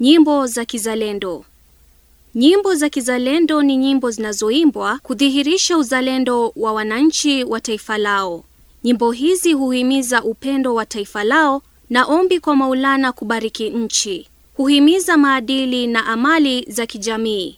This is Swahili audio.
Nyimbo za kizalendo. Nyimbo za kizalendo ni nyimbo zinazoimbwa kudhihirisha uzalendo wa wananchi wa taifa lao. Nyimbo hizi huhimiza upendo wa taifa lao na ombi kwa Maulana kubariki nchi. Huhimiza maadili na amali za kijamii.